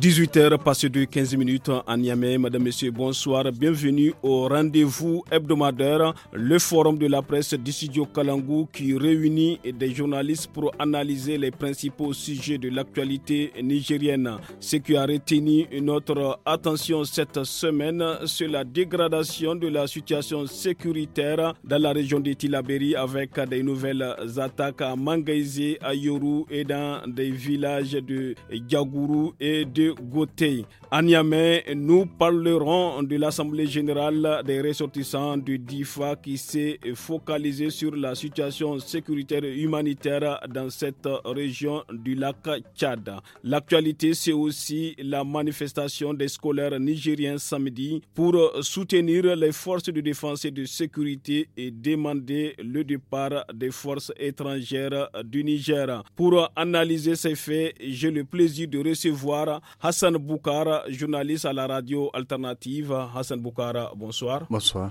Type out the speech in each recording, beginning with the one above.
18h passé de 15 minutes à Niamey. Madame, Monsieur, bonsoir. Bienvenue au rendez-vous hebdomadaire, le forum de la presse d'Issidio Kalangou qui réunit des journalistes pour analyser les principaux sujets de l'actualité nigérienne. Ce qui a retenu notre attention cette semaine, c'est la dégradation de la situation sécuritaire dans la région de Tilaberi avec des nouvelles attaques à Mangaise, à Yoru et dans des villages de Yagourou et de de Gotei À Niamey, nous parlerons de l'Assemblée générale des ressortissants du DIFA qui s'est focalisée sur la situation sécuritaire et humanitaire dans cette région du lac Tchad. L'actualité, c'est aussi la manifestation des scolaires nigériens samedi pour soutenir les forces de défense et de sécurité et demander le départ des forces étrangères du Niger. Pour analyser ces faits, j'ai le plaisir de recevoir Hassan Boukara, journaliste à la radio alternative, Hassan Boukara, bonsoir. Bonsoir.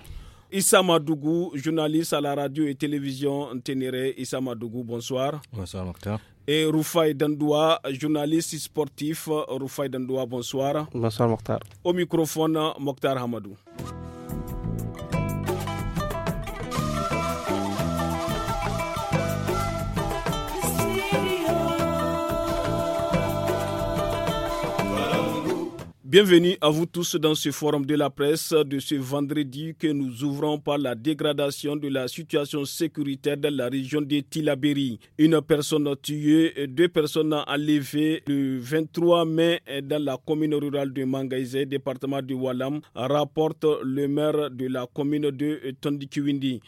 Issa Madougou, journaliste à la radio et télévision Ténéré. Issa Madougou, bonsoir. Bonsoir, Mokhtar. Et Roufaï Dandoua, journaliste sportif. Roufaï Dandoua, bonsoir. Bonsoir, Mokhtar. Au microphone, Mokhtar Hamadou. Bienvenue à vous tous dans ce forum de la presse de ce vendredi que nous ouvrons par la dégradation de la situation sécuritaire dans la région de Tilaberi. Une personne tuée et deux personnes enlevées le 23 mai dans la commune rurale de Mangaise, département de Walam, rapporte le maire de la commune de Tondikiwindi.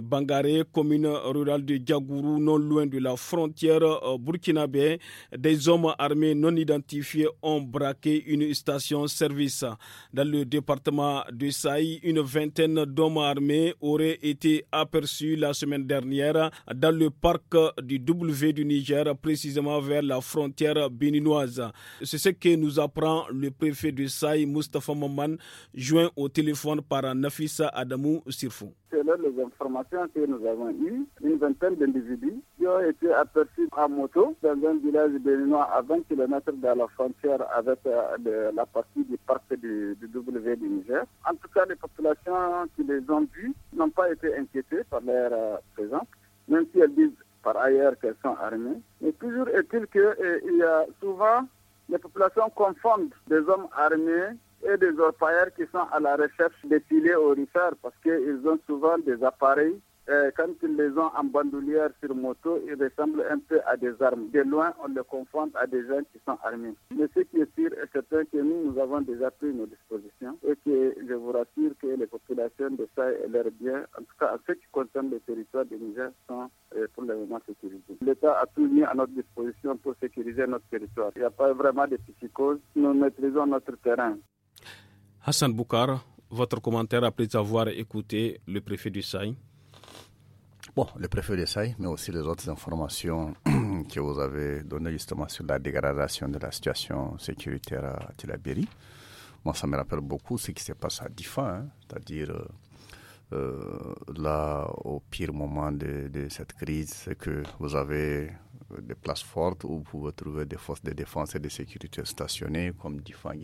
Bangaré, commune rurale de Diagourou, non loin de la frontière euh, burkinabé, des hommes armés non identifiés ont braqué une station-service. Dans le département de Saï, une vingtaine d'hommes armés auraient été aperçus la semaine dernière dans le parc du W du Niger, précisément vers la frontière béninoise. C'est ce que nous apprend le préfet de Saï, Mustafa Maman, joint au téléphone par Nafissa Adamou Sirfou. les que nous avons eu une vingtaine d'individus qui ont été aperçus à moto dans un village béninois à 20 km de la frontière avec euh, la partie du parc du, W du Niger. En tout cas, les populations qui les ont vus n'ont pas été inquiétées par leur euh, présence, même si elles disent par ailleurs qu'elles sont armées. Mais toujours est-il qu'il euh, y a souvent les populations confondent des hommes armés et des orpailleurs qui sont à la recherche des filets orifères parce qu'ils ont souvent des appareils. quand ils les ont en bandoulière sur moto, ils ressemblent un peu à des armes. De loin, on les confond à des gens qui sont armés. Mais ce qui est sûr et certain que nous, nous avons déjà pris nos dispositions et que je vous rassure que les populations de ça et leurs biens, en tout cas en ce qui concerne le territoire de Niger, sont euh, pour le moment sécurisés. L'État a tout mis à notre disposition pour sécuriser notre territoire. Il n'y a pas vraiment de psychose. Nous maîtrisons notre terrain. Hassan Boukar, votre commentaire après avoir écouté le préfet du Saï Bon, le préfet du Saï, mais aussi les autres informations que vous avez données justement sur la dégradation de la situation sécuritaire à Tilaberi. Moi, ça me rappelle beaucoup ce qui s'est passé à Difa, hein. c'est-à-dire euh, euh, là, au pire moment de, de cette crise, c'est que vous avez des places fortes où vous pouvez trouver des forces de défense et de sécurité stationnées comme Difang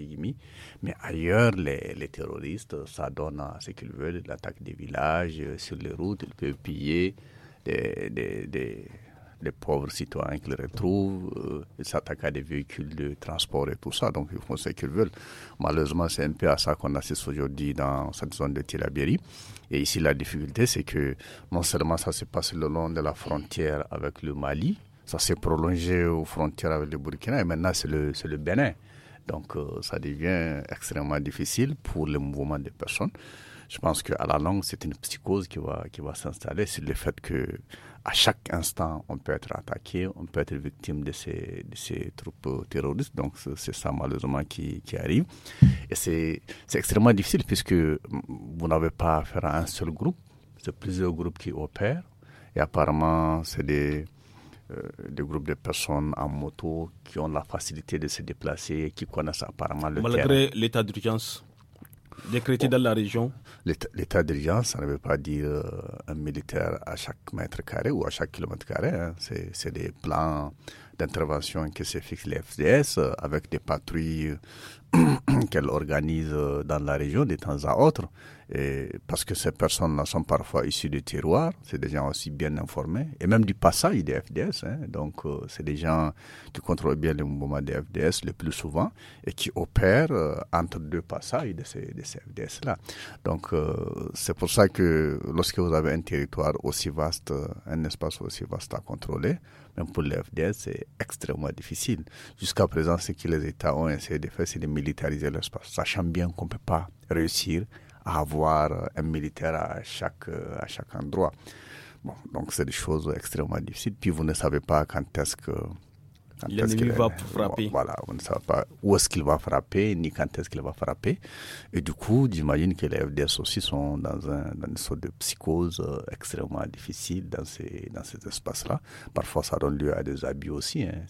Mais ailleurs, les, terroristes, ça donne à ce qu'ils veulent, l'attaque des villages, euh, sur les routes, ils peuvent piller des, des, pauvres citoyens qu'ils retrouvent, euh, ils s'attaquent à des véhicules de transport et tout ça, donc ils font ce qu'ils veulent. Malheureusement, c'est un peu à ça qu'on assiste aujourd'hui dans cette zone de Tilabéry. Et ici, la difficulté, c'est que non seulement ça se passe le long de la frontière avec le Mali, ça s'est prolongé aux frontières avec le Burkina et maintenant c'est le, le Bénin. Donc euh, ça devient extrêmement difficile pour le mouvement des personnes. Je pense qu'à la longue, c'est une psychose qui va, qui va s'installer. C'est le fait que à chaque instant, on peut être attaqué, on peut être victime de ces, de ces troupes terroristes. Donc c'est ça malheureusement qui, qui arrive. Et c'est extrêmement difficile puisque vous n'avez pas affaire à un seul groupe. C'est plusieurs groupes qui opèrent. Et apparemment, c'est des euh, des groupes de personnes en moto qui ont la facilité de se déplacer et qui connaissent apparemment le Malgré l'état d'urgence décrété dans la région L'état d'urgence, ça ne veut pas dire euh, un militaire à chaque mètre carré ou à chaque kilomètre carré. Hein. C'est des plans d'intervention que se fixent les FDS euh, avec des patrouilles qu'elles organisent dans la région de temps à autre parce que ces personnes-là sont parfois issues du tiroirs c'est des gens aussi bien informés, et même du passage des FDS. Hein. donc, euh, c'est des gens qui contrôlent bien le mouvement des FDS le plus souvent et qui opèrent euh, entre deux passages de ces, FDS-là. Donc, euh, c'est pour ça que lorsque vous avez un territoire aussi vaste, un espace aussi vaste à contrôler, même pour les FDS, c'est extrêmement difficile. Jusqu'à présent, ce que les États ont essayé de faire, c'est de militariser l'espace, sachant bien qu'on ne peut pas réussir avoir un militaire à chaque, à chaque endroit. Bon, donc c'est des choses extrêmement difficiles. Puis vous ne savez pas quand est-ce que... L'ennemi va frapper. Voilà, on ne sait pas où est-ce qu'il va frapper, ni quand est-ce qu'il va frapper. Et du coup, j'imagine que les FDS aussi sont dans, un, dans une sorte de psychose euh, extrêmement difficile dans ces, dans cet espaces-là. Parfois, ça donne lieu à des abus aussi. Hein.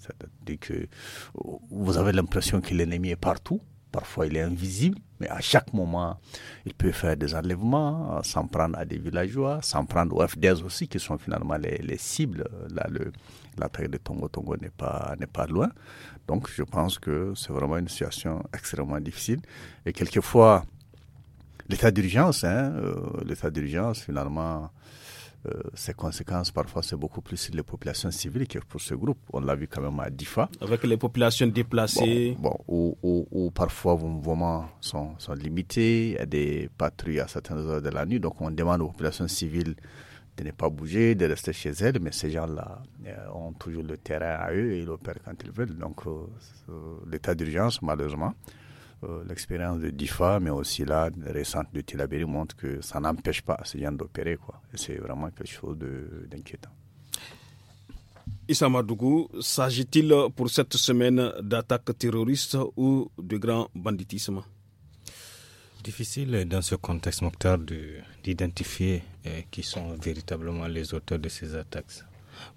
que vous avez l'impression que l'ennemi est partout, Parfois, il est invisible, mais à chaque moment, il peut faire des enlèvements, euh, s'en prendre à des villageois, s'en prendre aux FDS aussi, qui sont finalement les, cibles. Là, le, l'attaque de Tongo Tongo n'est pas, n'est pas loin. Donc, je pense que c'est vraiment une situation extrêmement difficile. Et quelquefois, l'état d'urgence, hein, euh, l'état d'urgence, finalement, euh, ces conséquences, parfois, c'est beaucoup plus sur les populations civiles que pour ce groupe. On l'a vu quand même à DIFA. Avec les populations déplacées. Bon, ou parfois vos mouvements sont, limités, il y a des patrouilles à certaines heures de la nuit. Donc, on demande aux populations civiles de ne pas bouger, de rester chez elles, mais ces gens-là euh, ont toujours le terrain à eux et ils opèrent quand ils veulent. Donc, euh, l'état d'urgence, malheureusement, euh, l'expérience de DIFA, mais aussi la récente de Tilabéry, montre que ça n'empêche pas ces gens d'opérer. C'est vraiment quelque chose d'inquiétant. Issa s'agit-il pour cette semaine d'attaques terroristes ou de grands banditisme Difficile dans ce contexte, Mokhtar, d'identifier eh, qui sont véritablement les auteurs de ces attaques.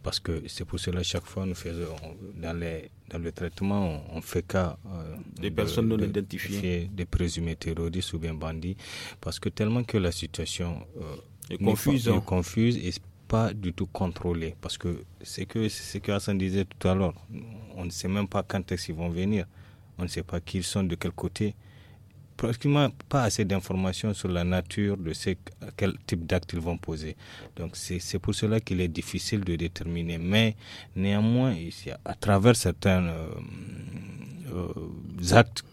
Parce que c'est pour cela chaque fois nous faisons dans, les, dans le traitement on, fait cas euh, des personnes de, non identifiées, des présumés terroristes ou bien bandits, parce que tellement que la situation euh, est, confuse, hein. confuse et pas du tout contrôlée. parce que c'est que ce que Hassan disait tout à l'heure on ne sait même pas quand ils vont venir on ne sait pas qui ils sont de quel côté pratiquement pas assez d'informations sur la nature de ce, quel type d'acte ils vont poser. Donc c'est pour cela qu'il est difficile de déterminer. Mais néanmoins, à travers certains euh, euh, actes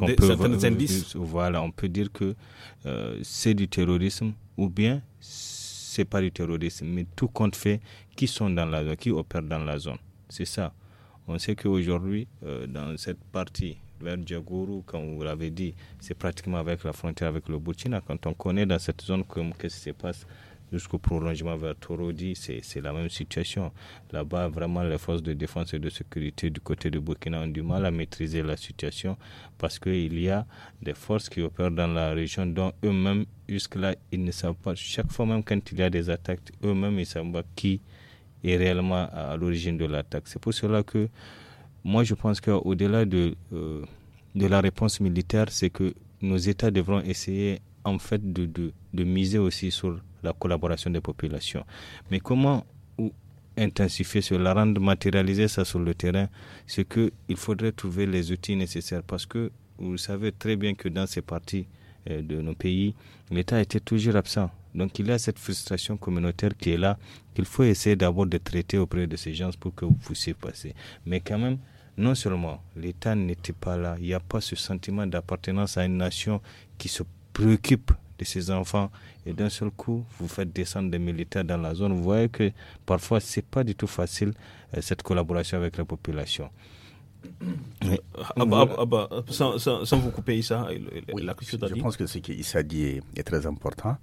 on peut, euh, Voilà, on peut dire que c'est du terrorisme ou bien c'est pas du terrorisme, mais tout compte fait, qui sont dans la zone, qui opèrent dans la zone. C'est ça. On sait qu'aujourd'hui, dans cette partie vers ben Djagourou, comme vous l'avez dit, c'est pratiquement avec la frontière avec le Burkina. Quand on connaît dans cette zone comme qu'est-ce qui se passe jusqu'au prolongement vers Torodi, c'est la même situation. Là-bas, vraiment, les forces de défense et de sécurité du côté du Burkina ont du mal à maîtriser la situation parce qu'il y a des forces qui opèrent dans la région dont eux-mêmes, jusque-là, ils ne savent pas. Chaque fois même quand il y a des attaques, eux-mêmes, ils ne savent pas qui est réellement à l'origine de l'attaque. C'est pour cela que moi je pense qu'au-delà de, euh, de la réponse militaire, c'est que nos États devront essayer en fait de, miser aussi sur la collaboration des populations. Mais comment intensifier cela, rendre matérialiser ça sur le terrain, c'est qu'il faudrait trouver les outils nécessaires parce que vous savez très bien que dans ces parties euh, de nos pays, l'État était toujours absent. Donc il y a cette frustration communautaire qui est là, qu'il faut essayer d'abord de traiter auprès de ces gens pour que vous puissiez passer. Mais quand même, non seulement l'État n'était pas là, il n'y a pas ce sentiment d'appartenance à une nation qui se préoccupe de ses enfants. Et d'un seul coup, vous faites descendre des militaires dans la zone. Vous voyez que parfois, c'est pas du tout facile euh, cette collaboration avec la population. Ah, bah, ah, bah, sans, vous couper, Issa, Je pense que ce dit est très important.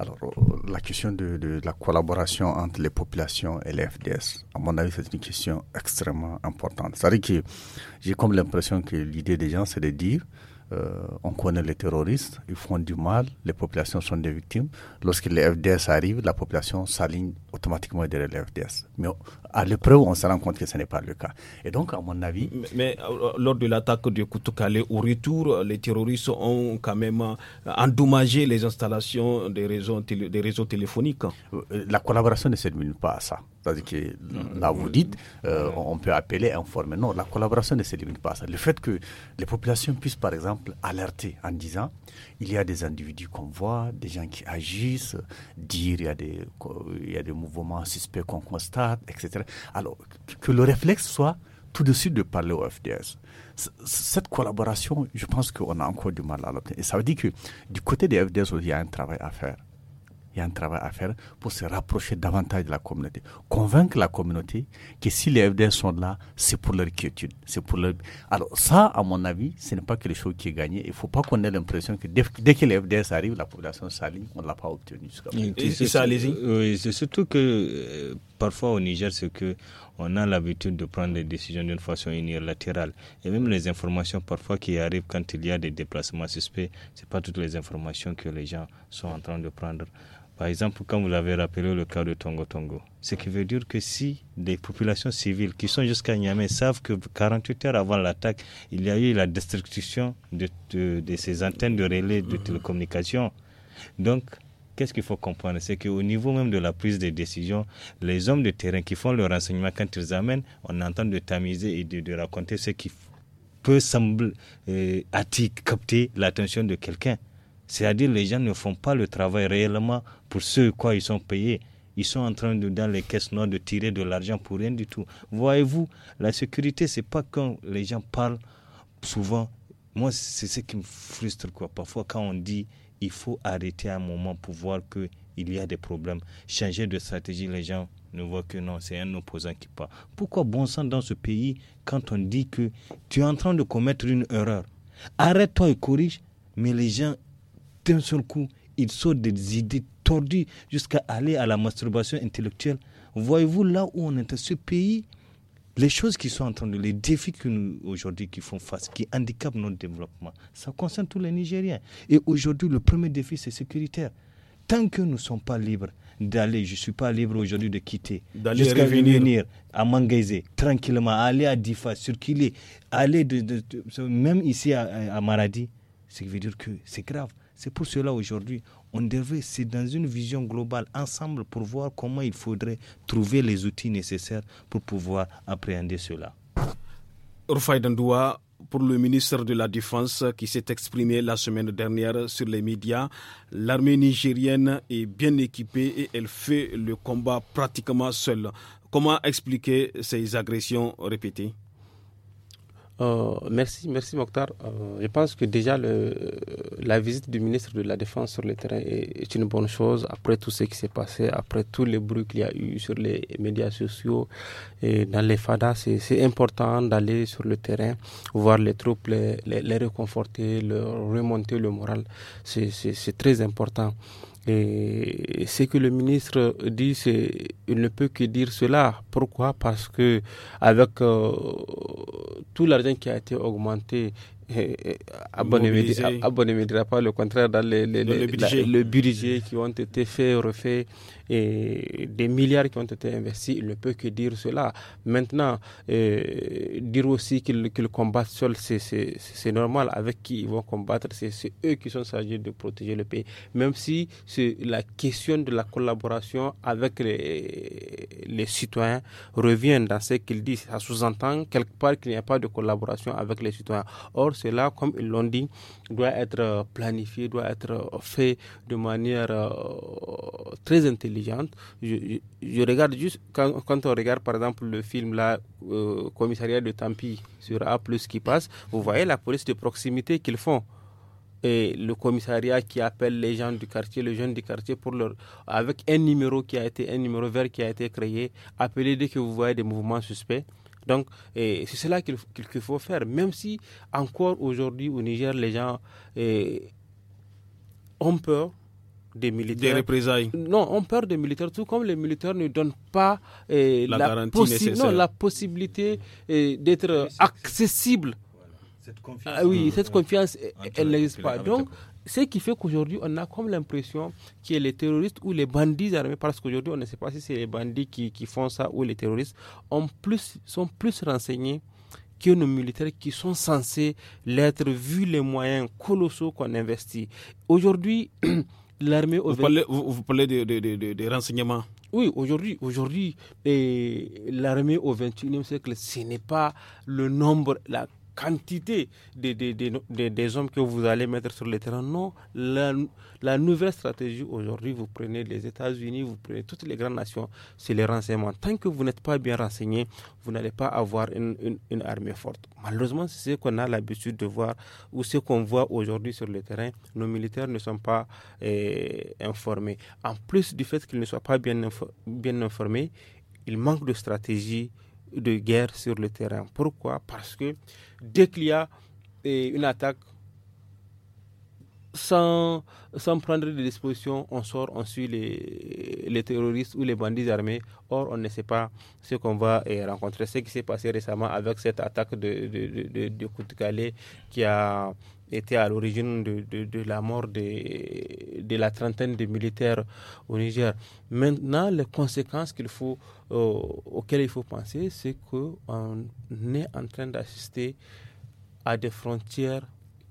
Alors, euh, la question de, la collaboration entre les populations et les FDS, à mon avis, c'est une question extrêmement importante. C'est-à-dire que j'ai comme l'impression que l'idée des gens, c'est de dire euh, on connaît les terroristes, ils font du mal, les populations sont des victimes. Lorsque les FDS arrivent, la population s'aligne automatiquement derrière les FDS. Mais à l'épreuve, on se rend compte que ce n'est pas le cas. Et donc, à mon avis... Mais, euh, lors de l'attaque de Koutoukalé au retour, les terroristes ont quand même euh, endommagé les installations des réseaux, des réseaux téléphoniques. La collaboration ne se limite pas à ça. C'est-à-dire que là, vous dites, euh, on peut appeler, informer. Non, la collaboration ne se limite pas à ça. Le fait que les populations puissent, par exemple, alerter en disant il y a des individus qu'on voit, des gens qui agissent, dire il y a des, il y a des mouvements suspects qu'on constate, etc. Alors, que le réflexe soit tout de suite de parler au FDS. Cette collaboration, je pense qu'on a encore du mal à l'obtenir. Et ça veut dire que du côté des FDS, il y a un travail à faire y a un travail à faire pour se rapprocher davantage de la communauté. Convaincre la communauté que si les FDS sont là, c'est pour leur quiétude. C'est pour Alors ça, à mon avis, ce n'est pas quelque chose qui est gagné. Il ne faut pas qu'on ait l'impression que dès, que les FDS arrivent, la population s'aligne, on ne l'a pas obtenu. C'est ça, Oui, c'est surtout que euh, parfois au Niger, c'est que on a l'habitude de prendre des décisions d'une façon unilatérale. Et même les informations parfois qui arrivent quand il y a des déplacements suspects, ce n'est pas toutes les informations que les gens sont en train de prendre par exemple, comme vous l'avez rappelé, le cas de Tongo Tongo. Ce qui veut dire que si des populations civiles qui sont jusqu'à Niamey savent que 48 heures avant l'attaque, il y a eu la destruction de, de, ces antennes de relais de mhm. télécommunications. Donc, qu'est-ce qu'il faut comprendre C'est qu'au niveau même de la prise de décision, les hommes de terrain qui font le renseignement, quand ils amènent, on entend de tamiser et de, raconter ce qui peut sembler attirer, euh, capter l'attention de quelqu'un. C'est-à-dire les gens ne font pas le travail réellement pour ce quoi ils sont payés. Ils sont en train de, dans les caisses noires de tirer de l'argent pour rien du tout. Voyez-vous, la sécurité, c'est pas quand les gens parlent souvent. Moi, c'est ce qui me frustre, quoi. Parfois, quand on dit, il faut arrêter un moment pour voir que il y a des problèmes. Changer de stratégie, les gens ne voient que non, c'est un opposant qui parle... Pourquoi bon sang dans ce pays quand on dit que tu es en train de commettre une erreur Arrête-toi et corrige, mais les gens, d'un seul coup, ils sortent des idées aujourd'hui, jusqu'à aller à la masturbation intellectuelle. Voyez-vous là où on est, ce pays, les choses qui sont en train de, les défis que nous aujourd'hui qui font face, qui handicapent notre développement, ça concerne tous les Nigériens. Et aujourd'hui, le premier défi, c'est sécuritaire. Tant que nous ne sommes pas libres d'aller, je ne suis pas libre aujourd'hui de quitter, jusqu'à venir à Mangaise, tranquillement, aller à Difa, circuler, aller de, de, de même ici à, à Maradi, ce qui veut dire que c'est grave. C'est pour cela aujourd'hui, on devrait, c'est dans une vision globale, ensemble, pour voir comment il faudrait trouver les outils nécessaires pour pouvoir appréhender cela. Rufai Dandoua, pour le ministre de la Défense qui s'est exprimé la semaine dernière sur les médias, l'armée nigérienne est bien équipée et elle fait le combat pratiquement seule. Comment expliquer ces agressions répétées euh, merci, merci Mokhtar. Euh, je pense que déjà le, euh, la visite du ministre de la Défense sur le terrain est, une bonne chose après tout ce qui s'est passé, après tous les bruits qu'il y a eu sur les médias sociaux et dans les FADA. C'est important d'aller sur le terrain, voir les troupes, les, les, les réconforter, leur remonter le moral. C'est très important. Et ce que le ministre dit, c'est il ne peut que dire cela. Pourquoi Parce que avec euh, tout l'argent qui a été augmenté, eh, eh, à n'y pas le contraire dans les, budgets le budget. le qui ont été faits, refaits et des milliards qui ont été investis, il ne peut que dire cela. Maintenant, euh, dire aussi qu'ils qu combattent seuls, c'est normal. Avec qui ils vont combattre, c'est eux qui sont chargés de protéger le pays. Même si la question de la collaboration avec les, citoyens revient dans ce qu'ils disent. Ça sous-entend quelque part qu'il n'y a pas de collaboration avec les citoyens. Or, cela, comme ils l'ont dit, doit être euh, planifié, doit être euh, fait de manière très intelligente je, regarde juste, quand, on regarde par exemple le film là, euh, Commissariat de Tampi sur A, qui passe, vous voyez la police de proximité qu'ils font. Et le commissariat qui appelle les gens du quartier, les jeunes du quartier, pour leur, avec un numéro qui a été, un numéro vert qui a été créé, appelez dès que vous voyez des mouvements suspects. Donc, c'est cela qu'il faut faire, même si encore aujourd'hui au Niger, les gens ont peur, des militaires. Des représailles. Non, on peur des militaires, tout comme les militaires ne donnent pas eh, la, la, non, la, possibilité eh, d'être accessible. Cette confiance, ah oui, cette confiance, elle n'existe pas. Donc, ce qui fait qu'aujourd'hui, on a comme l'impression que les terroristes ou les bandits armés, parce qu'aujourd'hui, on ne sait pas si c'est les bandits qui, qui, font ça ou les terroristes, ont plus, sont plus renseignés que nos militaires qui sont censés l'être, vu les moyens colossaux qu'on investit. Aujourd'hui, l'armée au vous parlez, vous, parlez des de, de, de, renseignements Oui, aujourd'hui, aujourd'hui et eh, l'armée au 21e siècle, ce n'est pas le nombre, la quantité des, des, des, des, hommes que vous allez mettre sur le terrain. Non, la, la nouvelle stratégie aujourd'hui, vous prenez les États-Unis, vous prenez toutes les grandes nations, c'est les renseignements. Tant que vous n'êtes pas bien renseigné, vous n'allez pas avoir une, une, une, armée forte. Malheureusement, c'est ce qu'on a l'habitude de voir ou ce qu'on voit aujourd'hui sur le terrain. Nos militaires ne sont pas eh, informés. En plus du fait qu'ils ne soient pas bien, bien informés, il manque de stratégie de guerre sur le terrain. Pourquoi Parce que dès qu'il y a eh, une attaque, sans, sans prendre des dispositions, on sort, on suit les, terroristes ou les bandits armés. Or, on ne sait pas ce qu'on va eh, rencontrer. Ce qui s'est passé récemment avec cette attaque de, de, de, de Calais qui a était à l'origine de, la mort de, de, la trentaine de militaires au Niger. Maintenant, les conséquences qu'il faut, euh, auxquelles il faut penser, c'est qu'on est en train d'assister à des frontières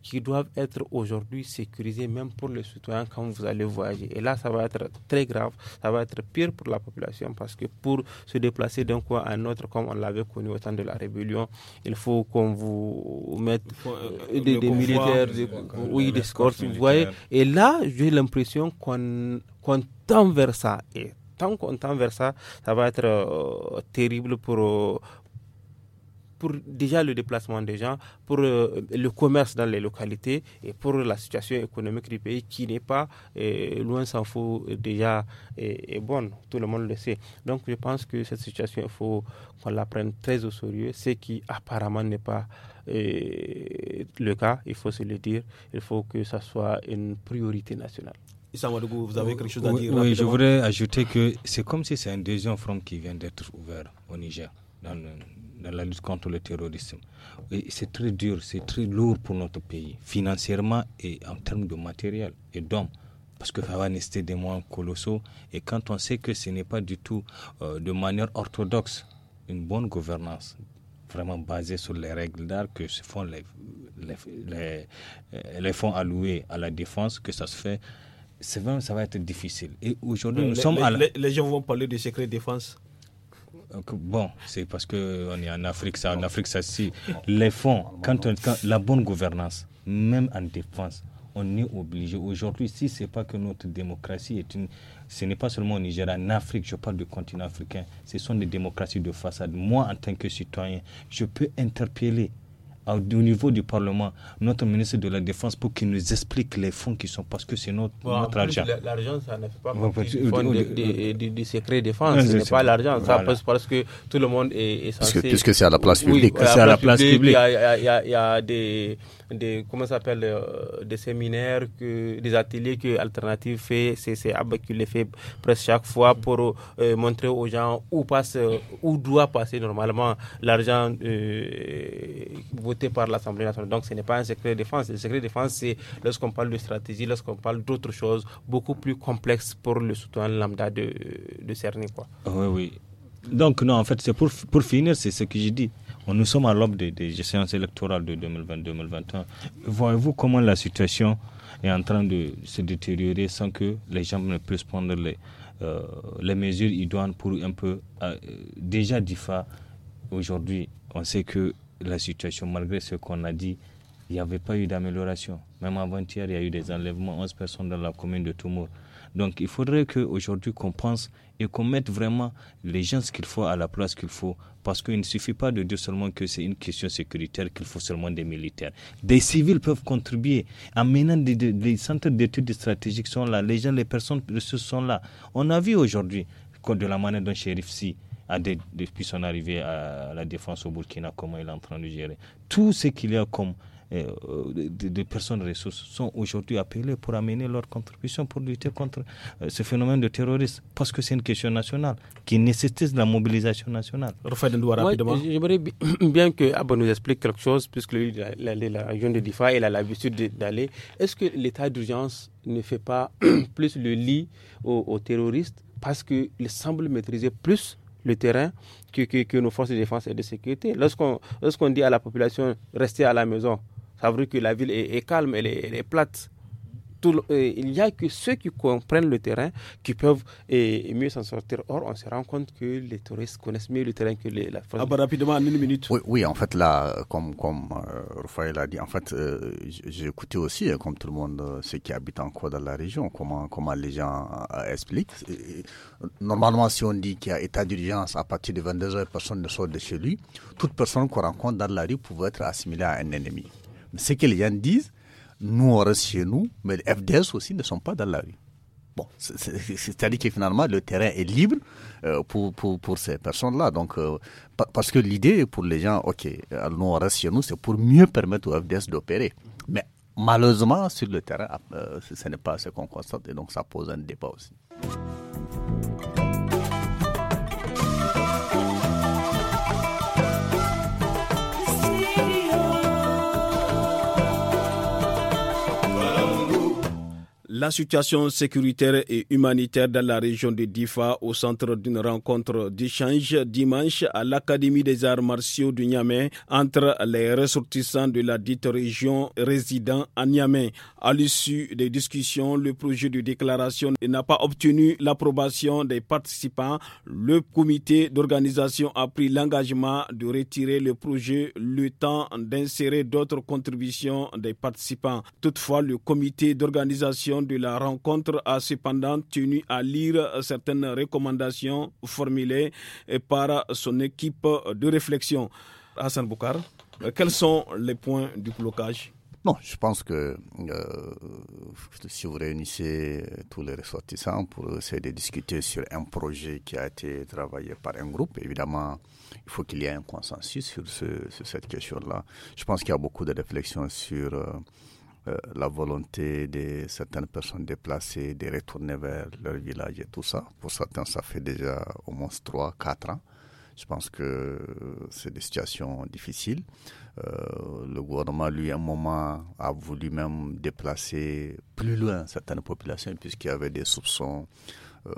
qui doivent être aujourd'hui sécurisés même pour les citoyens quand vous allez voyager. Et là, ça va être très grave, ça va être pire pour la population parce que pour se déplacer d'un coin à un autre, comme on l'avait connu au temps de la rébellion, il faut qu'on vous mette euh, euh, des, militaires, des, oui, des vous voyez. Et là, j'ai l'impression qu'on tend vers ça. Et tant qu'on tend vers ça, ça va être euh, terrible pour, pour déjà le déplacement des gens, pour euh, le commerce dans les localités et pour la situation économique du pays qui n'est pas, euh, loin s'en faut, déjà est, euh, bonne. Tout le monde le sait. Donc je pense que cette situation, il faut qu'on la prenne très au sérieux, ce qui apparemment n'est pas le cas, il faut se le dire. Il faut que ça soit une priorité nationale. Issa vous avez quelque chose à dire Oui, je voudrais ajouter que c'est comme si c'est un deuxième front qui vient d'être ouvert au Niger, dans dans la lutte contre le terrorisme. C'est très dur, c'est très lourd pour notre pays, financièrement et en termes de matériel et d'hommes. Parce que ça va nécessiter des moyens colossaux. Et quand on sait que ce n'est pas du tout euh, de manière orthodoxe une bonne gouvernance, vraiment basée sur les règles d'art que se font les, les, euh, fonds alloués à la défense, que ça se fait c'est ça va être difficile. Et aujourd'hui, nous les, sommes gens vont parler de secret défense bon, c'est parce qu'on est en Afrique, ça, en Afrique, ça, si les fonds, la bonne gouvernance, même en défense, on est obligé. Aujourd'hui, si ce n'est pas que notre démocratie est une. Ce n'est pas seulement au Niger, en Afrique, je parle du continent africain, ce sont des démocraties de façade. Moi, en tant que citoyen, je peux interpeller au niveau du Parlement, notre ministre de la Défense, pour qu'il nous explique les fonds qui sont, parce que c'est notre, notre argent. L'argent, ça ne fait pas partie du, secret défense. Ce n'est pas l'argent. Ça passe parce que tout le monde est, est censé... Puisque, c'est à la place publique. c'est à la place publique. Il y a des des comment s'appelle euh, des séminaires que des ateliers que Alternative fait c'est Abba qui les fait presque chaque fois mm-hmm. pour euh, montrer aux gens où passe euh, où doit passer normalement l'argent voté par l'Assemblée nationale donc ce n'est pas un secret de défense le secret de défense c'est lorsqu'on parle de stratégie lorsqu'on parle d'autres choses beaucoup plus complexes pour le soutien lambda de de quoi oui oui donc non en fait c'est pour pour finir c'est ce que j'ai dit nous sommes à l'aube des, séances électorales de 2020-2021. Voyez-vous comment la situation est en train de se détériorer sans que les gens ne puissent prendre les, euh, mesures idoines pour un peu... Euh, déjà, DIFA, aujourd'hui, on sait que la situation, malgré ce qu'on a dit, il n'y avait pas eu d'amélioration. Même avant-hier, il y a eu des enlèvements, 11 personnes dans la commune de Toumour. Donc il faudrait qu'aujourd'hui qu'on pense et qu'on mette vraiment les gens ce qu'il faut à la place qu'il faut. Parce qu'il ne suffit pas de dire seulement que c'est une question sécuritaire, qu'il faut seulement des militaires. Des civils peuvent contribuer. En menant des, centres d'études stratégiques sont là, les gens, les personnes se sont là. On a vu aujourd'hui de la manière dont shérif, Si depuis son arrivée à la défense au Burkina, comment il est en train de gérer. Tout ce qu'il y a comme euh, des de, personnes ressources sont aujourd'hui appelées pour amener leur contribution pour lutter contre euh, ce phénomène de terrorisme, parce que c'est une question nationale qui nécessite la mobilisation nationale. voudrais bien que Abba nous explique quelque chose, puisque la, région de Difa, a l'habitude d'aller. Est-ce que l'état d'urgence ne fait pas plus le lit aux, terroristes parce qu'ils semblent maîtriser plus le terrain que, que, nos forces de défense et de sécurité. Lorsqu'on lorsqu'on dit à la population restez à la maison, ça veut que la ville est, calme, elle est, plate. Euh, il n'y a que ceux qui comprennent le terrain qui peuvent mieux s'en sortir. Or, on se rend compte que les touristes connaissent mieux le terrain que les, la Ah bah rapidement, en une minute. Oui, en fait, là, comme, comme euh, a dit, en fait, euh, j'ai écouté aussi, comme tout le monde, ceux qui habitent encore dans la région, comment, comment les gens expliquent. normalement, si on dit qu'il y a état d'urgence à partir de 22h, personne ne sort de chez lui, toute personne qu'on rencontre dans la rue pouvait être assimilée à un ennemi ce que les gens disent, nous on reste chez nous, mais les FDS aussi ne sont pas dans la rue. Bon, c'est-à-dire que finalement, le terrain est libre euh, pour, pour, ces personnes-là. Donc, euh, parce que l'idée pour les gens, OK, euh, nous on reste chez nous, c'est pour mieux permettre aux FDS d'opérer. Mais malheureusement, sur le terrain, ce n'est pas ce qu'on constate et donc ça pose un débat aussi. La situation sécuritaire et humanitaire dans la région de Difa au centre d'une rencontre d'échange dimanche à l'Académie des arts martiaux du Niamey entre les ressortissants de la dite région résidant à Niamey. À l'issue des discussions, le projet de déclaration n'a pas obtenu l'approbation des participants. Le comité d'organisation a pris l'engagement de retirer le projet le temps d'insérer d'autres contributions des participants. Toutefois, le comité d'organisation de la rencontre a cependant tenu à lire certaines recommandations formulées par son équipe de réflexion. Hassan Boukar, quels sont les points du blocage non, je pense que euh, si vous réunissez tous les ressortissants pour essayer de discuter sur un projet qui a été travaillé par un groupe, évidemment, il faut qu'il y ait un consensus sur, cette question-là. Je pense qu'il y a beaucoup de réflexions sur euh, euh, la volonté de certaines personnes déplacées de retourner vers leur village et tout ça. Pour certains, ça fait déjà au moins 3, 4 ans. Je pense que c'est des situations difficiles. Euh, le gouvernement, lui, à un moment, a voulu même déplacer plus loin certaines populations, puisqu'il y avait des soupçons euh,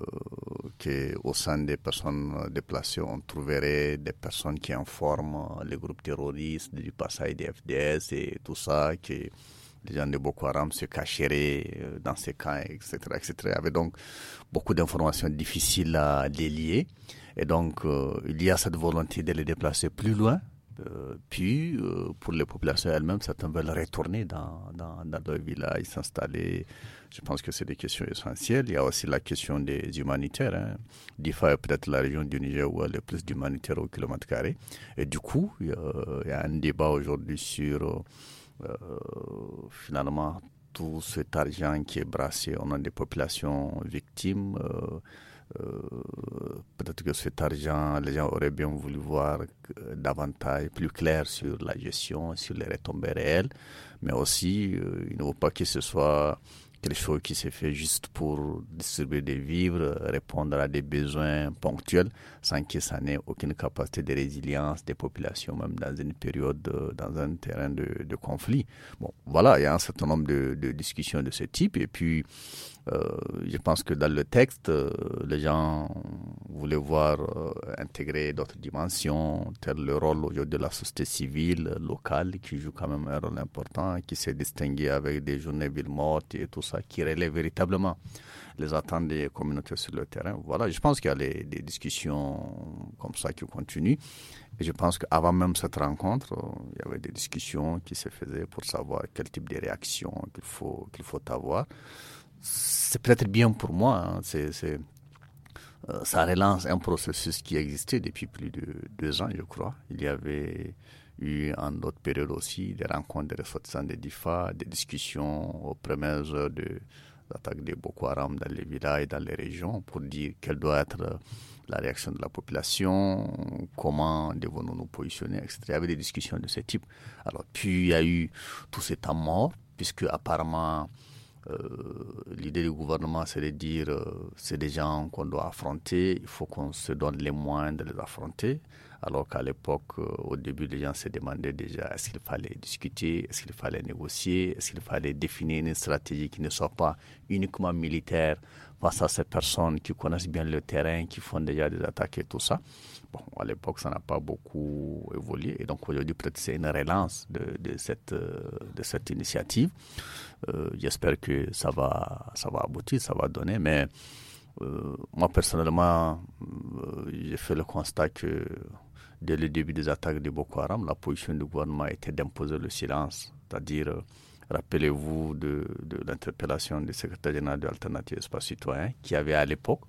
qu'au sein des personnes déplacées, on trouverait des personnes qui informent les groupes terroristes du passage des FDS et tout ça, qui les gens de Boko Haram se cacheraient euh, dans ces camps, etc. etc. Il y avait donc beaucoup d'informations difficiles à délier. Et donc, euh, il y a cette volonté de les déplacer plus loin. Euh, puis, pour les populations elles-mêmes, certains veulent retourner dans, dans, dans leur village, s'installer. Je pense que c'est des questions essentielles. Il y a aussi la question des humanitaires. Hein. Difa est peut-être la région du Niger où il y a le plus d'humanitaires au kilomètre carré. Et du coup, il y a un débat aujourd'hui sur euh, finalement, tout cet argent qui est brassé on a des populations victimes, euh, euh, peut-être que cet argent, les gens auraient bien voulu voir davantage, plus clair sur la gestion, sur les retombées réelles, mais aussi, il ne faut pas que ce soit quelque chose qui s'est fait juste pour distribuer des vivres, répondre à des besoins ponctuels, sans que ça n'ait aucune capacité de résilience des populations, même dans une période, euh, dans un terrain de, conflit. Bon, voilà, il y a un certain nombre de, de discussions de ce type. Et puis, euh, je pense que dans le texte, euh, les gens voulaient voir euh, intégrer d'autres dimensions, tel le rôle de la société civile locale qui joue quand même un rôle important, qui s'est distinguée avec des journées villes mortes et tout ça, qui relève véritablement les attentes des communautés sur le terrain. Voilà, je pense qu'il y a des discussions comme ça qui continuent. Et je pense qu'avant même cette rencontre, il y avait des discussions qui se faisaient pour savoir quel type de réaction qu'il faut, qu'il faut avoir c'est peut-être bien pour moi. Hein. C'est, euh, ça relance un processus qui existait depuis plus de deux ans, je crois. Il y avait eu en d'autres périodes aussi des rencontres des ressortissants des DIFA, des discussions aux premières heures de l'attaque des Boko Haram dans les villages et dans les régions pour dire quelle doit être euh, la réaction de la population, comment devons-nous nous positionner, etc. Il y avait des discussions de ce type. Alors, puis il y a eu tout cet amour, puisque apparemment euh, l'idée du gouvernement, c'est de dire, euh, c'est des gens qu'on doit affronter, il faut qu'on se donne les moyens de les affronter. Alors qu'à l'époque, euh, au début, les gens se demandaient déjà est-ce qu'il fallait discuter, est-ce qu'il fallait négocier, est-ce qu'il fallait définir une stratégie qui ne soit pas uniquement militaire face à ces personnes qui connaissent bien le terrain, qui font déjà des attaques et tout ça. Bon, à l'époque, ça n'a pas beaucoup évolué. Et donc aujourd'hui, peut-être c'est une relance de, cette, euh, de cette initiative. Euh, j'espère que ça va, ça va aboutir, ça va donner. Mais euh, moi, personnellement, j'ai fait le constat que dès le début des attaques de Boko Haram, la position du gouvernement était d'imposer le silence, c'est-à-dire Rappelez-vous de, l'interpellation du secrétaire général de l'Alternative Espace Citoyen qui avait à l'époque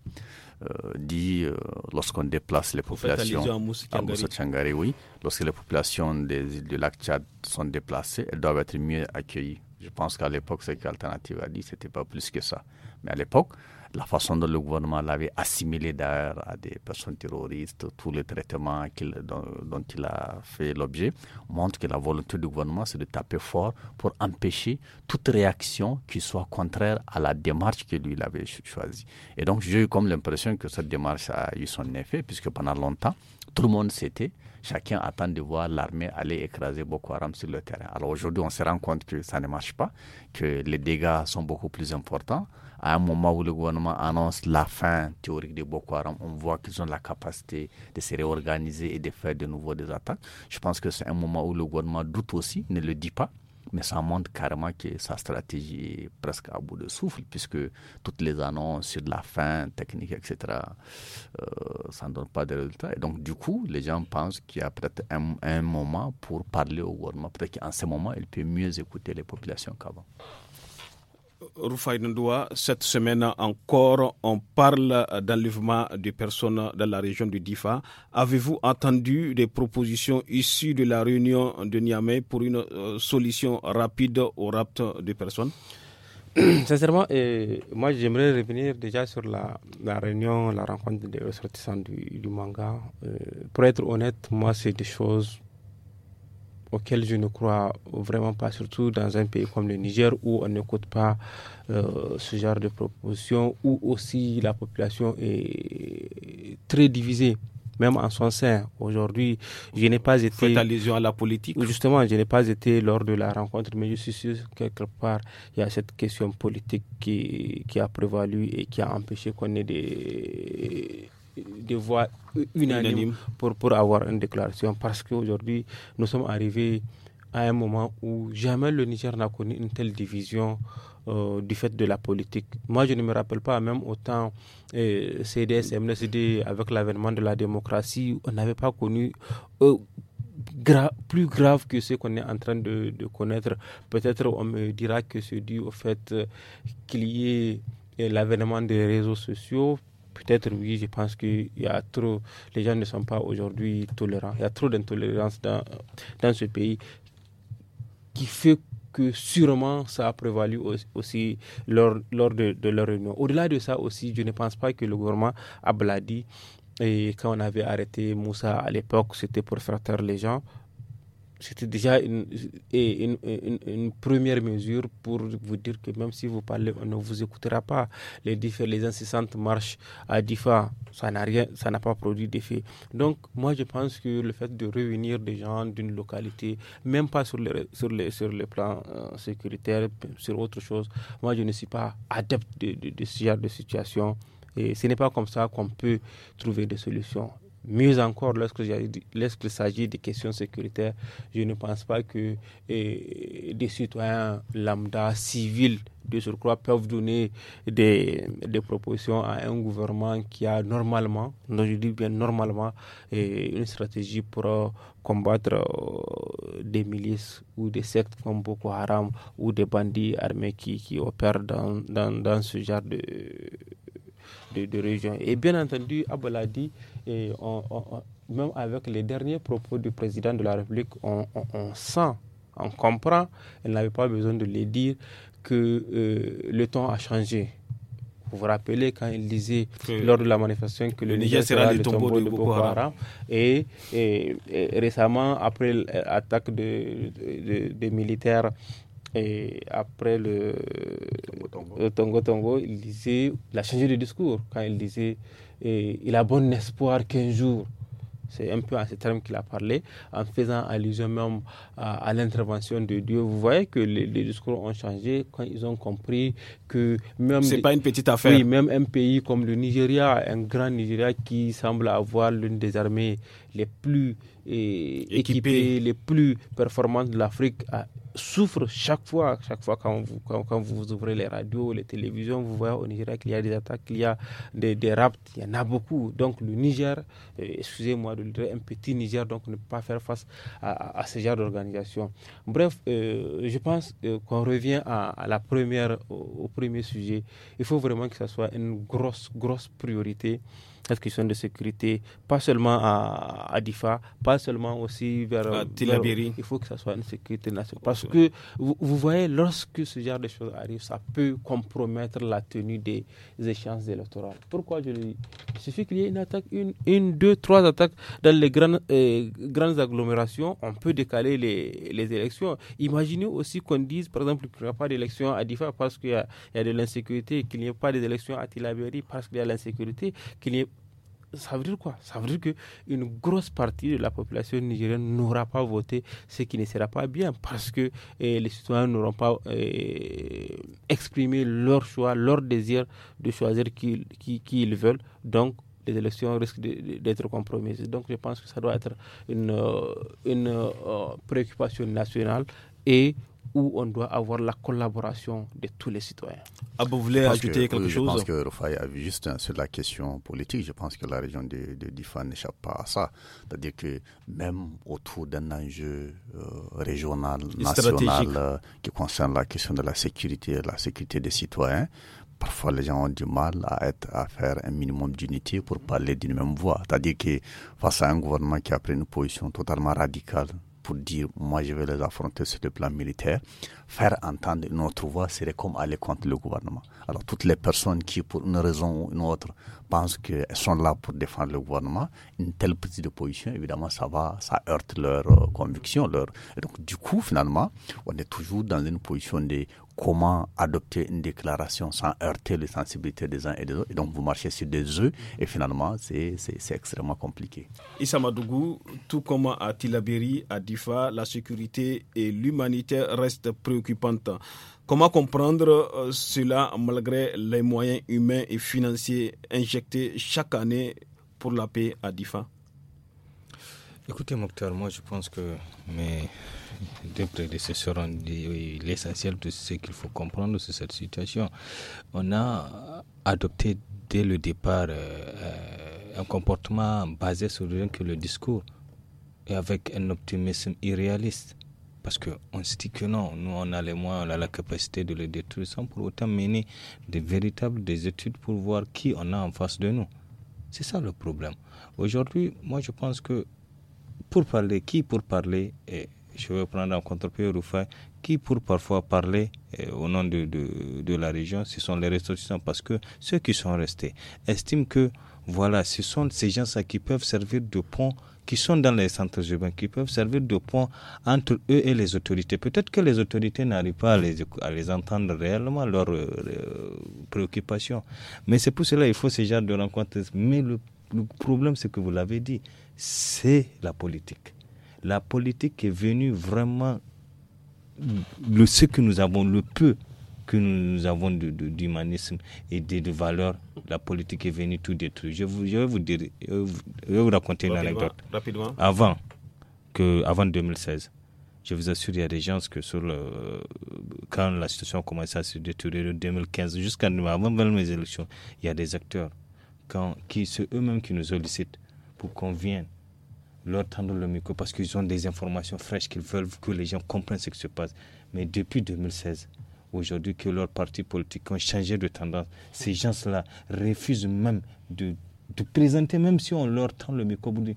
euh, dit euh, lorsqu'on déplace les populations à Moussa Changari, oui, lorsque les populations des îles du lac Tchad sont déplacées, elles doivent être mieux accueillies. Je pense qu'à l'époque, ce qu'Alternative a dit, ce n'était pas plus que ça. Mais à l'époque, la façon dont le gouvernement l'avait assimilé d'ailleurs à des personnes terroristes, tous les traitements dont, il a fait l'objet, montre que la volonté du gouvernement, c'est de taper fort pour empêcher toute réaction qui soit contraire à la démarche que lui avait choisie. Et donc, j'ai eu comme l'impression que cette démarche a eu son effet, puisque pendant longtemps, tout le monde s'était chacun attend de voir l'armée aller écraser Boko Haram sur le terrain. Alors aujourd'hui, on se rend compte que ça ne marche pas, que les dégâts sont beaucoup plus importants à un moment où le gouvernement annonce la fin théorique de Boko Haram, on voit qu'ils ont la capacité de se réorganiser et de faire de nouveau des attaques. Je pense que c'est un moment où le gouvernement doute aussi, ne le dit pas mais ça montre carrément que sa stratégie est presque à bout de souffle, puisque toutes les annonces sur la fin technique, etc., euh, ça ne donne pas de résultats. Et donc, du coup, les gens pensent qu'il y a peut-être un, un, moment pour parler au gouvernement. Peut-être qu'en ce moment, il peut mieux écouter les populations qu'avant. Rufai Ndoua, cette semaine encore, on parle d'enlèvement de personnes dans la région du Difa. Avez-vous entendu des propositions issues de la réunion de Niamey pour une euh, solution rapide au rapt des personnes Sincèrement, moi j'aimerais revenir déjà sur la, réunion, la rencontre des ressortissants du, manga. Euh, pour être honnête, moi c'est des choses auquel je ne crois vraiment pas, surtout dans un pays comme le Niger où on n'écoute pas euh, ce genre de propositions, où aussi la population est très divisée. Même en son sein, aujourd'hui, je n'ai pas été. Faites allusion à la politique. Justement, je n'ai pas été lors de la rencontre, mais je suis sûr que quelque part, il y a cette question politique qui, qui a prévalu et qui a empêché qu'on ait des de voix unanimes pour, pour avoir une déclaration parce qu'aujourd'hui, nous sommes arrivés à un moment où jamais le Niger n'a connu une telle division euh, du fait de la politique. Moi, je ne me rappelle pas, même autant euh, CDS, MNSD, avec l'avènement de la démocratie, on n'avait pas connu euh, plus grave que ce qu'on est en train de, de connaître. Peut-être on me dira que c'est dû au fait euh, qu'il y ait l'avènement des réseaux sociaux, Peut-être oui, je pense que y a trop, les gens ne sont pas aujourd'hui tolérants. Il y a trop d'intolérance dans, dans ce pays qui fait que sûrement ça a prévalu aussi lors, lors de, de leur réunion. Au-delà de ça aussi, je ne pense pas que le gouvernement a bladi. Et quand on avait arrêté Moussa à l'époque, c'était pour faire les gens c'était déjà une, une, une, première mesure pour vous dire que même si vous parlez, on ne vous écoutera pas. Les, les incessantes marches à DIFA, ça n'a rien, ça n'a pas produit d'effet. Donc, moi, je pense que le fait de réunir des gens d'une localité, même pas sur le, sur sur plan euh, sécuritaire, sur autre chose, moi, je ne suis pas adepte de, de, de ce genre de situation. Et ce n'est pas comme ça qu'on peut trouver des solutions. Mieux encore, lorsque, lorsqu'il s'agit des questions sécuritaires, je ne pense pas que eh, des citoyens lambda, civils, de surcroît, peuvent donner des, propositions à un gouvernement qui a normalement, je dis bien normalement, eh, une stratégie pour euh, combattre euh, des milices ou des sectes comme Boko Haram ou des bandits armés qui, qui opèrent dans, dans ce genre de de, région. Et bien entendu, Abel dit, et même avec les derniers propos du président de la République, on, sent, on comprend, elle n'avait pas besoin de les dire, que euh, le temps a changé. Vous vous rappelez quand il disait lors de la manifestation que le, Niger sera, le tombeau, de Boko Haram. Et, récemment, après l'attaque de, des militaires et après le, Tongo Tongo, il disait, a changé de discours quand il disait, il a bon espoir qu'un jour, c'est un peu en ces termes qu'il a parlé, en faisant allusion même à, l'intervention de Dieu. Vous voyez que les, discours ont changé quand ils ont compris que même. C'est pas une petite affaire. Oui, même un pays comme le Nigeria, un grand Nigeria qui semble avoir l'une des armées les plus et, équipées, les plus performantes de l'Afrique, à souffre chaque fois, chaque fois quand vous, quand, quand vous ouvrez les radios, les télévisions, vous voyez au Nigeria qu'il y a des attaques, qu'il y a des, des raptes, il y en a beaucoup. Donc le Niger, euh, excusez-moi de le dire, un petit Niger, donc ne pas faire face à, à, ce genre d'organisation. Bref, euh, je pense euh, qu'on revient à, la première, au, au, premier sujet. Il faut vraiment que ce soit une grosse, grosse priorité cette question de sécurité, pas seulement à, Adifa, Difa, pas seulement aussi vers, à Il faut que ça soit une sécurité nationale. Parce que vous, voyez, lorsque ce genre de choses arrive, ça peut compromettre la tenue des échéances électorales. Pourquoi je le dis Il suffit qu'il y ait une attaque, une, une, deux, trois attaques dans les grandes, euh, grandes agglomérations, on peut décaler les, les élections. Imaginez aussi qu'on dise, par exemple, qu'il n'y a pas d'élection à Adifa parce qu'il y, a de l'insécurité, qu'il n'y ait pas d'élection à Tilaberi parce qu'il y a l'insécurité, qu'il n'y ait ça veut dire quoi Ça veut dire qu'une grosse partie de la population nigérienne n'aura pas voté, ce qui ne sera pas bien parce que eh, les citoyens n'auront pas eh, exprimé leur choix, leur désir de choisir qui, ils veulent. Donc, les élections risquent d'être compromises. Donc, je pense que ça doit être une, euh, une euh, préoccupation nationale et où on doit avoir la collaboration de tous les citoyens. Ah, vous voulez ajouter quelque chose Je pense que Rufai a vu juste sur la question politique. Je pense que la région de, de Difa n'échappe pas à ça. C'est-à-dire que même autour d'un enjeu euh, régional, national, euh, qui concerne la question de la sécurité, la sécurité des citoyens, parfois les gens ont du mal à, être, à faire un minimum d'unité pour parler d'une même voix. C'est-à-dire que face à un gouvernement qui a pris une position totalement radicale pour dire moi je vais les affronter sur le plan militaire, faire entendre notre voix serait comme aller contre le gouvernement. Alors toutes les personnes qui pour une raison ou une autre pensent qu'elles sont là pour défendre le gouvernement, une telle petite de position évidemment ça va, ça heurte leur euh, conviction, leur. Et donc du coup finalement on est toujours dans une position de comment adopter une déclaration sans heurter les sensibilités des uns et des autres. Et donc, vous marchez sur des œufs et finalement, c'est extrêmement compliqué. Issa Madougou, tout comme à Tilaberi, à Difa, la sécurité et l'humanité restent préoccupantes. Comment comprendre euh, cela malgré les moyens humains et financiers injectés chaque année pour la paix à Difa Écoutez, docteur, moi je pense que mes deux prédécesseurs l'essentiel de ce qu'il faut comprendre sur cette situation. On a adopté dès le départ euh, un comportement basé sur rien que le discours et avec un optimisme irréaliste. Parce qu'on se dit que non, nous on a les moyens, on a la capacité de le détruire sans pour autant mener des véritables des études pour voir qui on a en face de nous. C'est ça le problème. Aujourd'hui, moi je pense que pour parler, qui pour parler est je vais prendre en contre-pied Rufai, qui pour parfois parler euh, au nom de, la région, ce sont les ressortissants, parce que ceux qui sont restés estiment que, voilà, ce sont ces gens-là qui peuvent servir de pont, qui sont dans les centres urbains, qui peuvent servir de pont entre eux et les autorités. Peut-être que les autorités n'arrivent pas à les, entendre réellement, leurs euh, euh, préoccupations. Mais c'est pour cela qu'il faut ce genre de rencontres. Mais le problème, c'est que vous l'avez dit, c'est la politique la politique est venue vraiment le ce que nous avons, le peu que nous avons d'humanisme et de, de valeurs, la politique est venue tout détruire. Je, vais vous raconter une anecdote. Rapidement. Avant que, avant 2016, je vous assure, il y a des gens que sur quand la situation commençait à se détériorer en 2015, jusqu'à avant même les élections, il y a des acteurs qui, eux-mêmes qui nous sollicitent pour qu'on vienne leur tendre le micro parce qu'ils ont des informations fraîches qu'ils veulent que les gens comprennent ce qui se passe. Mais depuis 2016, aujourd'hui que leurs partis politiques ont changé de tendance, ces gens-là refusent même de, de, présenter, même si on leur tend le micro pour dire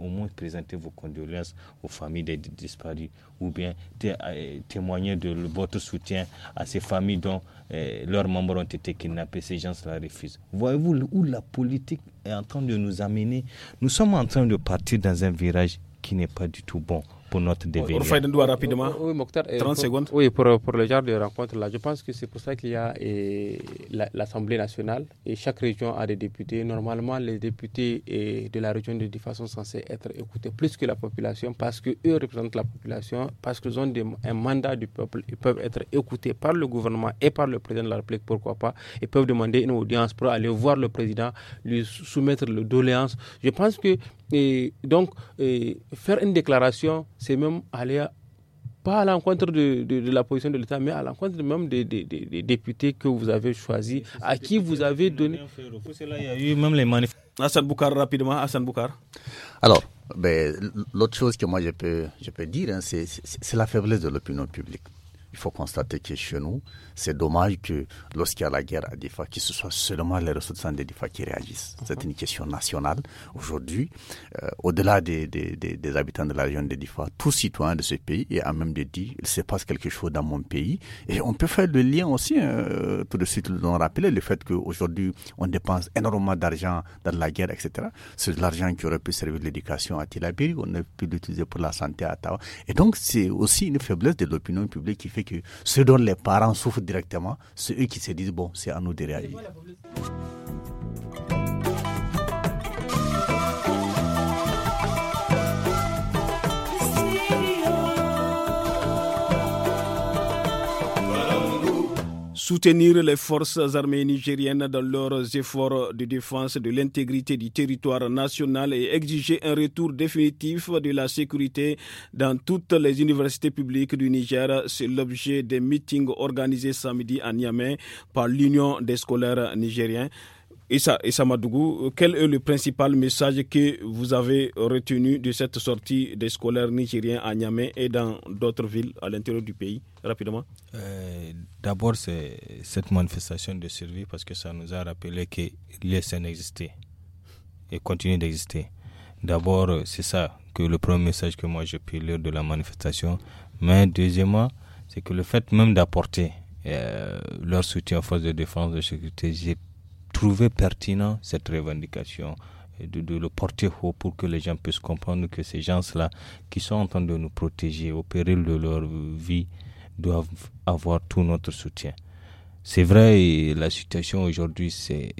au moins présenter vos condoléances aux familles des disparus ou bien euh, témoigner de votre soutien à ces familles dont euh, leurs membres ont été kidnappés. Ces gens la refusent. Voyez-vous où la politique est en train de nous amener Nous sommes en train de partir dans un virage qui n'est pas du tout bon pour notre devenir. rapidement. Oui, Mokhtar, 30 pour, secondes. Oui, pour, pour le genre de rencontre là, je pense que c'est pour ça qu'il y a l'Assemblée nationale et chaque région a des députés. Normalement, les députés et de la région de façon sont censés être écoutés plus que la population parce que eux représentent la population, parce qu'ils ont des, un mandat du peuple. Ils peuvent être écoutés par le gouvernement et par le président de la République, pourquoi pas. Ils peuvent demander une audience pour aller voir le président, lui soumettre le doléance. Je pense que et donc, faire une déclaration, c'est même aller pas à l'encontre de, la position de l'État, mais à l'encontre même des, députés que vous avez choisis, à qui vous avez donné. les Hassan rapidement, Hassan Boukar. Alors, ben, l'autre chose que moi je peux, je peux dire, hein, c'est la faiblesse de l'opinion publique il faut constater que chez nous, c'est dommage que lorsqu'il y a la guerre à Difa, que ce soit seulement les ressources de Difa qui réagissent. C'est mhm. une question nationale. Aujourd'hui, euh, au-delà des, des, des, habitants de la région de Difa, tout citoyen de ce pays et à même de dire il se passe quelque chose dans mon pays. Et on peut faire le lien aussi, euh, tout de suite, nous rappeler le fait qu'aujourd'hui, on dépense énormément d'argent dans la guerre, etc. C'est de l'argent qui aurait pu servir l'éducation à Tilabiri, on aurait pu l'utiliser pour la santé à Tawa. Et donc, c'est aussi une faiblesse de l'opinion publique qui fait que ce dont les parents souffrent directement, ceux qui se disent, bon, c'est à nous de réagir. soutenir les forces armées nigériennes dans leurs efforts de défense de l'intégrité du territoire national et exiger un retour définitif de la sécurité dans toutes les universités publiques du Niger. C'est l'objet des meetings organisés samedi à Niamey par l'Union des scolaires nigériens. Issa, Issa Madougou, quel est le principal message que vous avez retenu de cette sortie des scolaires nigériens à Niamey et dans d'autres villes à l'intérieur du pays Rapidement. Euh, d'abord, c'est cette manifestation de survie parce que ça nous a rappelé que les l'ISN existait et continue d'exister. D'abord, c'est ça que le premier message que moi j'ai pu lire de la manifestation. Mais deuxièmement, c'est que le fait même d'apporter euh, leur soutien aux forces de défense, de sécurité, trouver pertinent cette revendication de, de, le porter haut pour que les gens puissent comprendre que ces gens-là qui sont en train de nous protéger au péril de leur vie doivent avoir tout notre soutien. C'est vrai, la situation aujourd'hui, c'est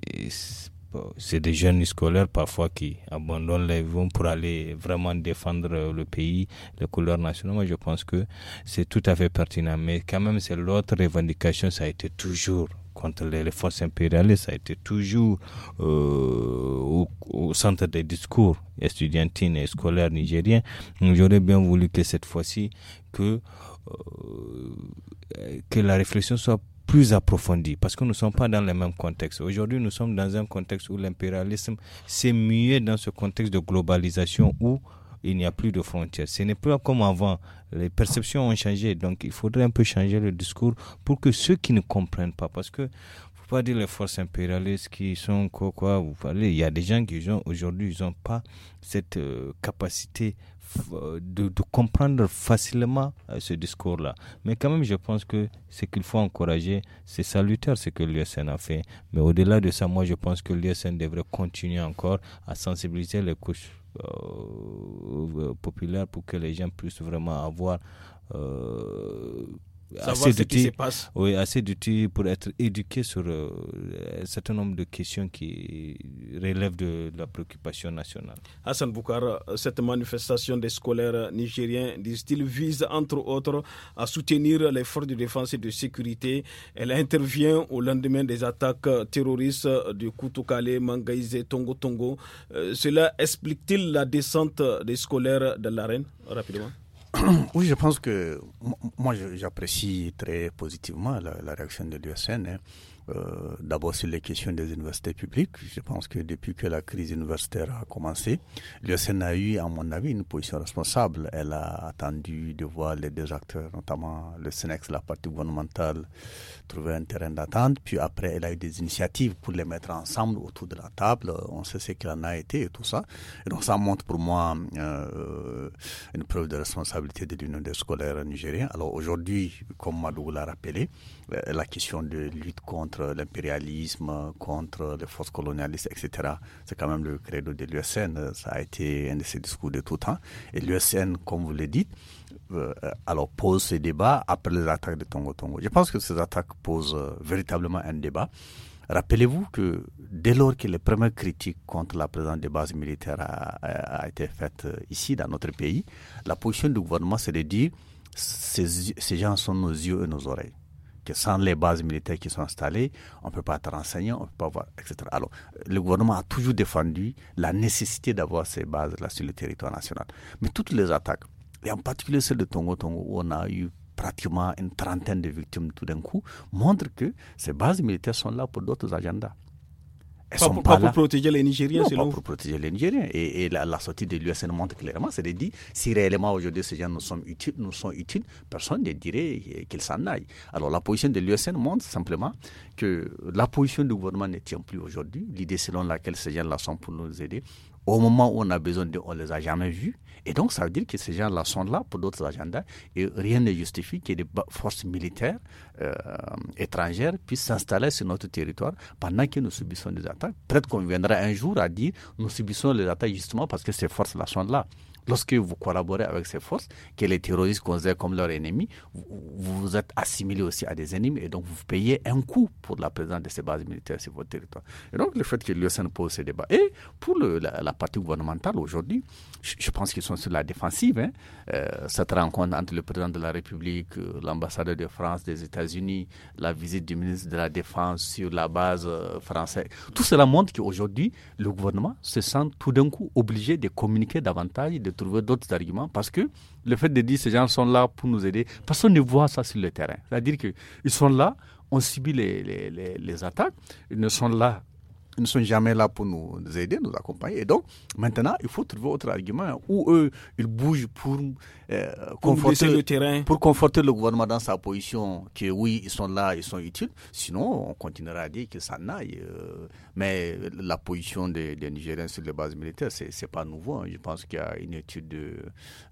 c'est des jeunes scolaires parfois qui abandonnent les vents pour aller vraiment défendre le pays, les couleurs nationales. Moi, je pense que c'est tout à fait pertinent. Mais quand même, c'est l'autre revendication, ça a été toujours contre les, forces impérialistes a été toujours euh, au, centre des discours étudiantines et scolaires nigériens. J'aurais bien voulu que cette fois-ci, que, euh, que la réflexion soit plus approfondie, parce que nous ne sommes pas dans le même contexte. Aujourd'hui, nous sommes dans un contexte où l'impérialisme s'est mué dans ce contexte de globalisation où il n'y a plus de frontières. Ce n'est plus comme avant. Les perceptions ont changé. Donc, il faudrait un peu changer le discours pour que ceux qui ne comprennent pas, parce que faut pas dire les forces impérialistes qui sont quoi, quoi, vous parlez. Il y a des gens qui ont aujourd'hui, ils n'ont pas cette euh, capacité euh, de, de, comprendre facilement euh, ce discours-là. Mais quand même, je pense que ce qu'il faut encourager, c'est salutaire ce que l'USN a fait. Mais au-delà de ça, moi, je pense que l'USN devrait continuer encore à sensibiliser les couches euh, euh, populaire pour que les gens puissent vraiment avoir euh, assez d'outils oui, assez pour être éduqué sur euh, un certain nombre de questions qui relèvent de, la préoccupation nationale. Hassan Boukar, cette manifestation des scolaires nigériens, disent-ils, vise entre autres à soutenir l'effort de défense et de sécurité. Elle intervient au lendemain des attaques terroristes de Koutoukale, Mangaïse, Tongo Tongo. Euh, cela explique-t-il la descente des scolaires de l'arène rapidement oui, je pense que moi, j'apprécie très positivement la, réaction de l'USN. Euh, d'abord sur les questions des universités publiques. Je pense que depuis que la crise universitaire a commencé, le Sénat a eu, à mon avis, une position responsable. Elle a attendu de voir les deux acteurs, notamment le et la partie gouvernementale, trouver un terrain d'attente. Puis après, elle a eu des initiatives pour les mettre ensemble autour de la table. On sait ce qu'il en a été et tout ça. Et donc ça montre pour moi euh, une preuve de responsabilité de l'Union des scolaires nigériens. Alors aujourd'hui, comme Madou l'a rappelé, la question de lutte contre l'impérialisme, contre les forces colonialistes, etc. C'est quand même le credo de l'USN. Ça a été un de ses discours de tout temps. Et l'USN, comme vous le dites, euh, alors pose ses débats après les attaques de Tongo Tongo. Je pense que ces attaques posent euh, véritablement un débat. Rappelez-vous que dès lors que les premières critiques contre la présence des bases militaires a, été faite euh, ici, dans notre pays, la position du gouvernement, c'est de dire ces, ces gens sont nos yeux et nos oreilles que sans les bases militaires qui sont installées, on ne peut pas être renseigné, on peut pas avoir, etc. Alors, le gouvernement a toujours défendu la nécessité d'avoir ces bases-là sur le territoire national. Mais toutes les attaques, et en particulier celle de Tongo Tongo, où on a eu pratiquement une trentaine de victimes tout d'un coup, montrent que ces bases militaires sont là pour d'autres agendas pas, pour, protéger les Nigériens, pas pour protéger les Nigériens. Et, la, sortie de l'USN montre clairement, c'est de dire, si réellement aujourd'hui ces gens nous sont utiles, nous sont utiles, personne ne dirait qu'ils s'en aillent. Alors la position de l'USN montre simplement que la position du gouvernement ne tient plus aujourd'hui. L'idée selon laquelle ces gens-là sont pour nous aider au moment où on a besoin d'eux, on ne les a jamais vus. Et donc, ça veut dire que ces gens-là sont là pour d'autres agendas et rien ne justifie que des forces militaires euh, étrangères puissent s'installer sur notre territoire pendant que nous subissons des attaques. Peut-être qu'on viendra un jour à dire nous subissons les attaques justement parce que ces forces-là sont là. Lorsque vous collaborez avec ces forces, que les terroristes considèrent comme leurs ennemis, vous vous êtes assimilé aussi à des ennemis et donc vous payez un coût pour la présence de ces bases militaires sur votre territoire. Et donc le fait que l'USN pose ce débat. Et pour la, partie gouvernementale aujourd'hui, je, pense qu'ils sont sur la défensive. Hein. Euh, cette rencontre entre le président de la République, euh, l'ambassadeur de France, des États-Unis, la visite du ministre de la Défense sur la base euh, française, tout cela montre qu'aujourd'hui, le gouvernement se sent tout d'un coup obligé de communiquer davantage, de trouver d'autres arguments parce que le fait de dire ces gens sont là pour nous aider, personne ne voit ça sur le terrain. C'est-à-dire qu'ils sont là, on subit les, les attaques, ils ne sont là ils ne sont jamais là pour nous aider, nous accompagner. Et donc, maintenant, il faut trouver autre argument où eux, ils bougent pour, euh, conforter, le terrain. pour conforter le gouvernement dans sa position que oui, ils sont là, ils sont utiles. Sinon, on continuera à dire que ça n'aille. Euh, mais la position des, Nigériens sur les bases militaires, ce n'est pas nouveau. Hein. Je pense qu'il y a une étude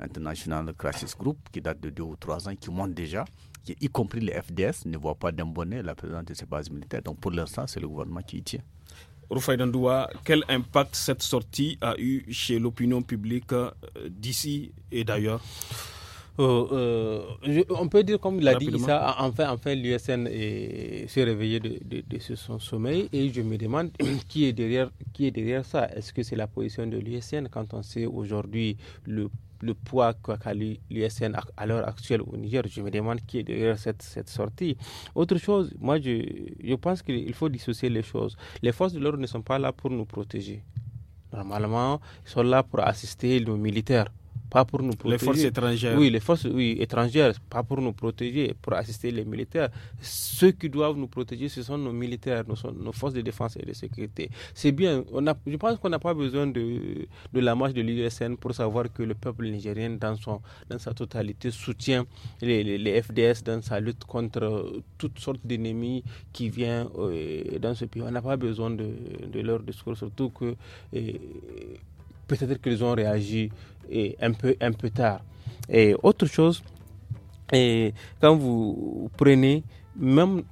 internationale Crisis Group qui date de deux ou trois ans qui montre déjà y compris les FDS, ne voient pas d'un bonnet la présence de ces bases militaires. Donc pour l'instant, c'est le gouvernement qui y tient. Dandoua, quel impact cette sortie a eu chez l'opinion publique euh, d'ici et d'ailleurs euh, euh, on peut dire, comme l'a dit Issa, enfin, enfin l'USN s'est réveillé de, son sommeil et je me demande qui est derrière, qui est derrière ça. Est-ce que c'est la position de l'USN quand on sait aujourd'hui le poids qu'a l'USN à l'heure actuelle au Niger. Je me demande qui est derrière cette, cette sortie. Autre chose, moi je, je pense qu'il faut dissocier les choses. Les forces de l'ordre ne sont pas là pour nous protéger. Normalement, ils sont là pour assister nos militaires pas pour nous protéger. Les forces étrangères. Oui, les forces étrangères, pas pour nous protéger, pour assister les militaires. Ceux qui doivent nous protéger, ce sont nos militaires, nos, nos forces de défense et de sécurité. C'est bien. On a, je pense qu'on n'a pas besoin de, de la marche de l'USN pour savoir que le peuple nigérien, dans, son, dans sa totalité, soutient les, les, FDS dans sa lutte contre euh, toutes sortes d'ennemis qui viennent euh, dans ce pays. On n'a pas besoin de, de leur discours, surtout que. Euh, peut-être qu'ils ont réagi un, peu, un peu tard. Et autre chose, et quand vous prenez, même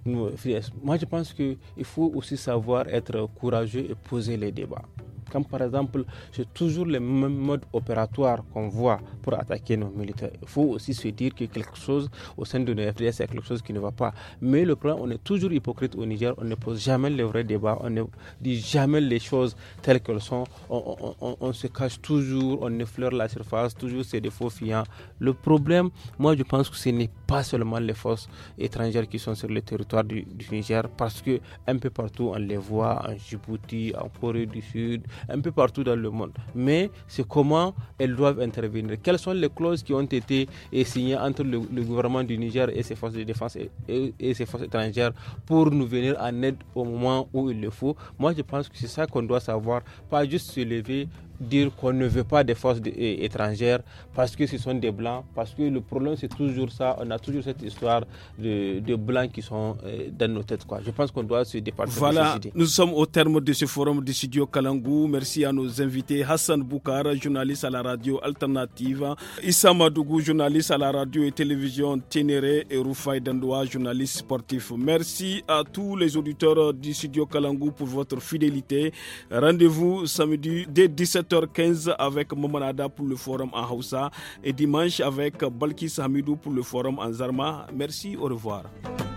moi je pense qu'il faut aussi savoir être courageux et poser les débats. Comme par exemple, c'est toujours les mêmes modes opératoire qu'on voit pour attaquer nos militaires. Il faut aussi se dire que quelque chose au sein de nos FDS, c'est quelque chose qui ne va pas. Mais le problème, on est toujours hypocrite au Niger, on ne pose jamais les vrais débats, on ne dit jamais les choses telles qu'elles sont, on, se cache toujours, on effleure la surface, toujours c'est des faux fiants. Le problème, moi je pense que ce n'est pas seulement les forces étrangères qui sont sur le territoire du, Niger, parce que un peu partout on les voit, en Djibouti, en Corée du Sud, un peu partout dans le monde. Mais c'est comment elles doivent intervenir. Quelles sont les clauses qui ont été signées entre le, gouvernement du Niger et ses forces de défense et, ses forces étrangères pour nous venir en aide au moment où il le faut Moi, je pense que c'est ça qu'on doit savoir, pas juste se lever dire qu'on ne veut pas des forces étrangères parce que ce sont des blancs, parce que le problème c'est toujours ça, on a toujours cette histoire de, blancs qui sont euh, dans nos têtes. Quoi. Je pense qu'on doit se départir voilà, nous sommes au terme de ce forum du studio Kalangou. Merci à nos invités Hassan Boukara, journaliste à la radio alternative, Issa Madougou, journaliste à la radio et télévision Ténéré et Rufai Dandoua, journaliste sportif. Merci à tous les auditeurs du studio Kalangou pour votre fidélité. Rendez-vous samedi dès 17h 15 h 15 avec Momanada pour le forum en Hausa et dimanche avec Balkis Hamidou pour le forum en Zarma. Merci, au revoir.